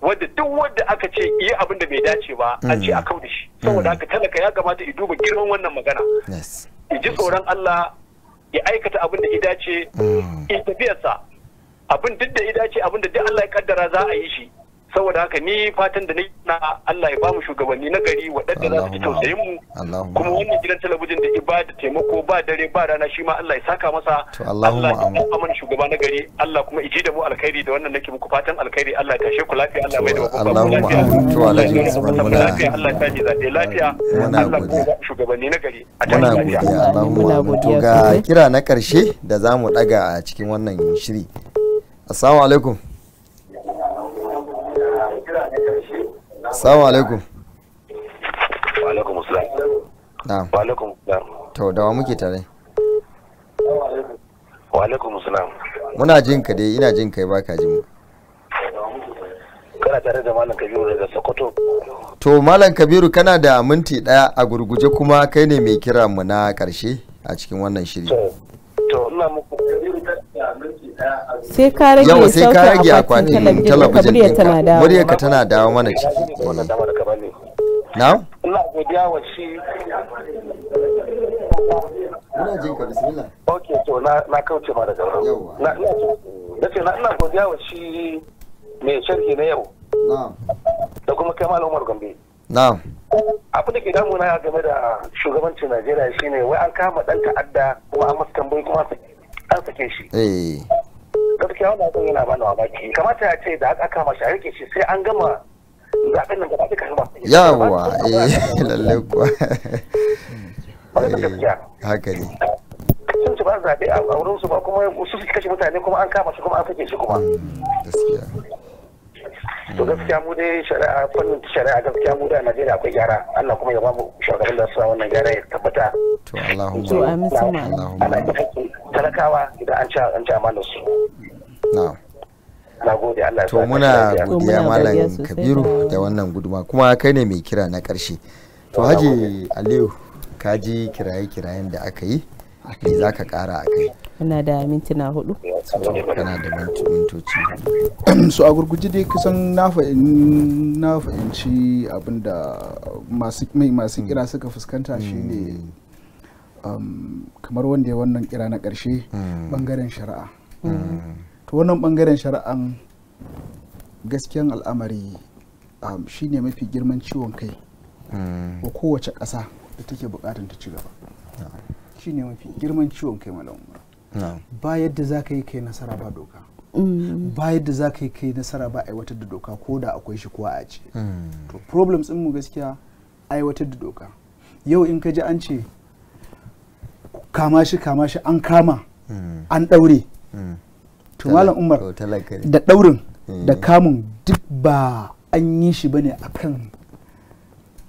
wadda duk wadda aka ce iya abin da bai dace ba an ce a mm. kau da shi saboda mm. haka talaka ya gabata i duba girman wannan magana Iji ji tsoron Allah ya aikata abin da ya dace in mm. tafiyarsa abin duk da ya dace abin da duk Allah ya kaddara za a yi shi saboda haka ni fatan da na Allah ya bamu shugabanni na gari waɗanda za su ji tausayin mu kuma wannan gidan talabijin da ba da taimako ba dare ba rana shi ma Allah ya saka masa Allah ya kafa mana shugaba na gari Allah kuma iji da mu alkhairi da wannan nake muku fatan alkhairi Allah ya tashe ku lafiya Allah mai da mu lafiya Allah ya taji zaɓe lafiya Allah ya shugabanni na gari a tashi lafiya mu to ga kira na karshe da zamu daga a cikin wannan shiri Assalamu alaikum Assalamu alaikum. Wa alaikum assalam. Na'am. Wa alaikum assalam. To dawa muke tare. Wa alaikum assalam. Muna jin ka dai ina jin kai baka jin Kana tare da Malam Kabiru daga Sokoto. To Malam Kabiru kana da minti daya a gurguje kuma kai ne mai kira mu na karshe a cikin wannan shiri. To ina muku sai ka rage yau sai ka rage akwatin talabijin ɗinka muryarka tana dawo mana ciki na? ina godiya wa shi ina jin ka bismillah ok to na kauce ma daga na ce na ina godiya wa shi mai sharhi na yau da kuma kai malam umar gombe na'am abin da ke damu na game da shugabancin najeriya shine wai an kama dan ta'adda kuma an masa tambayi kuma an sake shi eh. gaskiya wannan abin yana bani mamaki kamata ya ce da aka kama shi a rike shi sai an gama zaɓen nan gaba duka ba yawa eh lalle kuwa eh, haka ne sun ci ba zaɓe a wurin su ba kuma su suke kashe mutane kuma an kama shi kuma an sake shi kuma hmm, gaskiya to gaskiya mu dai shari'a kun shari'a gaskiya mu da Najeriya akwai gyara Allah kuma ya ba mu shugaban da sa wannan gyara ya tabbata to Allahumma to amin sama Allahumma talakawa idan an ci an ci amana su na'am to muna godiya malam kabiru da wannan guduma kuma kai ne mai kira na karshe to haji aliyu ka ji kiraye-kirayen da aka yi me za ka kara a kai muna da mintuna hudu kana da mintoci so a gurguji dai kusan na fahimci abinda masu kira suka fuskanta hmm. shine um, kamar wanda ya wannan kira na karshe bangaren hmm. shari'a hmm. to wannan bangaren shari'an gaskiyan al'amari um, shine mafi girman ciwon kai wa kowace ƙasa da take bukatan ta ci gaba ne mafi girman ciwon kai malam ba yadda za ka yi kai nasara ba doka mm. ba yadda za ka yi kai nasara ba aiwatar da doka ko da akwai shi kuwa a ce mm. to problems in mu gaskiya aiwatar da doka yau in ka ji an ce kama shi kama shi an kama mm. an daure to malam umar da daurin da kamun duk ba an yi shi bane akan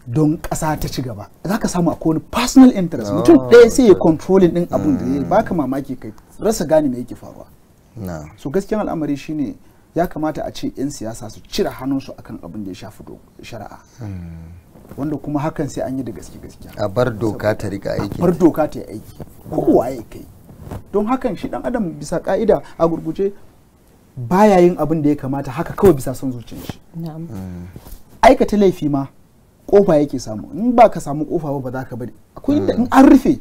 don ƙasa ta ci gaba za ka samu akwai wani personal interest mutum ɗaya sai ya kontrolin ah. ɗin abun da ya mm. baka mamaki kai rasa gane me yake faruwa so gaskiyan al'amari shine ya kamata a ce 'yan siyasa su cire su akan abin da ya shafi shari'a hmm. wanda kuma hakan sai an yi da gaske gaskiya a bar doka ta rika aiki bar doka ta yi aiki kowa ya kai don hakan shi dan adam bisa ka'ida a gurguje baya yin abin da ya kamata haka kawai bisa son zuciyar shi hmm. aikata laifi ma kofa yake samu in ba ka samu kofa ba ba za ka bari akwai inda in an rufe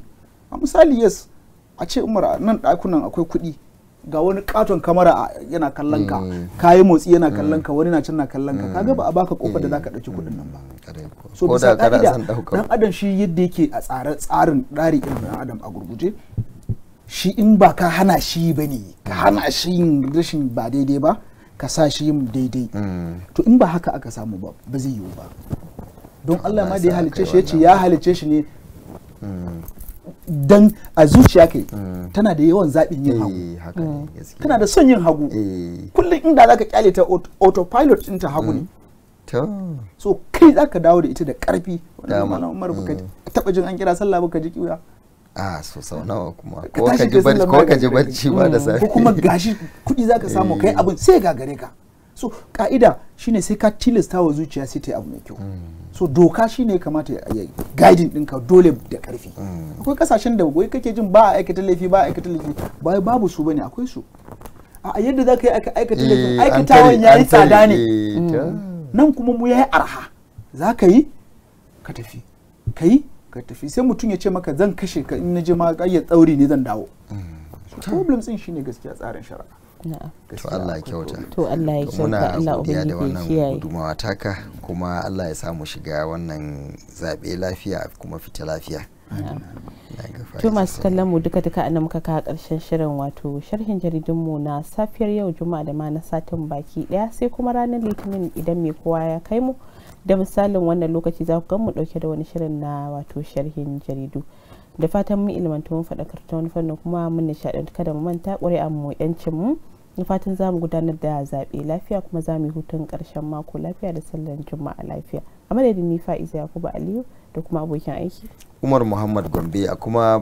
a misali yes a ce umar nan dakunan akwai kuɗi ga wani katon kamara yana kallon ka mm. kayi motsi yana mm. kallon ka wani na can na kallon ka kaga mm. ba a baka kofar da za ka dauki kuɗin nan ba so bisa ka'ida dan adam shi yadda yake a tsare tsarin dari irin dan adam a gurguje shi in ba ka hana shi ba ne. ka hana shi yin rashin ba daidai ba ka sa shi yin daidai to in ba haka aka samu ba ba zai yiwu ba don Allah ma da ya halice shi yace ya halice shi ne hmm. dan a zuciya kai hmm. tana da yawan zaɓin yin hagu eh, hmm. tana da son yin hagu eh. kullum inda zaka kyale ta autopilot ɗinta hagu ne so kai zaka dawo da ita da ƙarfi wanda umar baka taɓa jin an kira sallah baka ji kiwa a so sau nawa kuma ko ka ji bacci ko ka ji bacci ba da safe ko kuma gashi kuɗi zaka samu kai eh. abin sai ga gare ka so ka'ida shine sai ka tilasta wa zuciya sai ta yi abu mai kyau so doka shine kamata ya guiding dinka dole da ƙarfi mm. akwai kasashen da wai kake jin ba a aikata laifi ba a aikata laifi bai babu su bane akwai su a yadda za ka yi aikata laifi eh, aikatawan ya yi tsada ne eh, mm. nan kuma mu ya yi arha za ka yi ka tafi ka yi ka tafi sai mutum ya ce maka zan kashe ka in na je ma ƙayyar tsauri ne zan dawo mm. problems din shine gaskiya tsarin shari'a to Allah ya kyauta to Allah ya kyauta Allah ubangiji da wannan gudumawa taka kuma Allah ya samu shiga wannan zabe lafiya kuma fita lafiya to masu kallon mu duka duka anan muka kawo karshen shirin wato sharhin jaridun mu na safiyar yau juma'a da ma na satin baki daya sai kuma ranar litinin idan mai kowa ya kai mu da misalin wannan lokaci za ku gan mu dauke da wani shirin na wato sharhin jaridu da fatan mun ilmanta mun faɗakar ta wani fannin kuma mun nishaɗantu kada mu manta ƙuri'an mu yancin mu da fatan za mu gudanar da zaɓe lafiya kuma za mu yi hutun karshen mako lafiya da sallar juma'a lafiya a madadin ni fa'iza yakubu aliyu da kuma abokin aiki umar muhammad gombe a kuma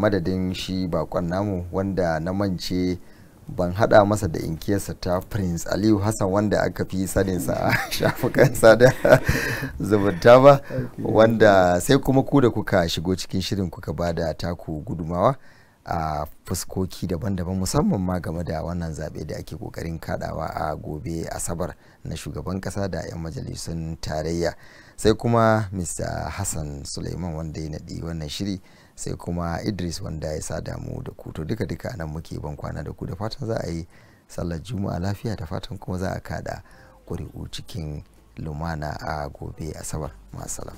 madadin shi bakon namu wanda na mance ban hada masa da inkiyarsa ta prince aliyu hassan wanda aka fi saninsa a shafukan sada zumunta ba wanda sai kuma ku da kuka shigo cikin shirin kuka ba da taku gudumawa a fuskoki daban-daban musamman ma game da wannan zaɓe da ake ƙoƙarin kaɗawa a gobe asabar na shugaban ƙasa da 'yan majalisun tarayya sai kuma mr hassan suleiman wanda ya naɗi wannan shiri sai kuma idris wanda ya sa damu da ku to duka duka nan muke ban kwana da ku da fatan za a yi sallar juma'a lafiya da fatan kuma za a kada ƙuri'u cikin lumana a gobe asabar masalam.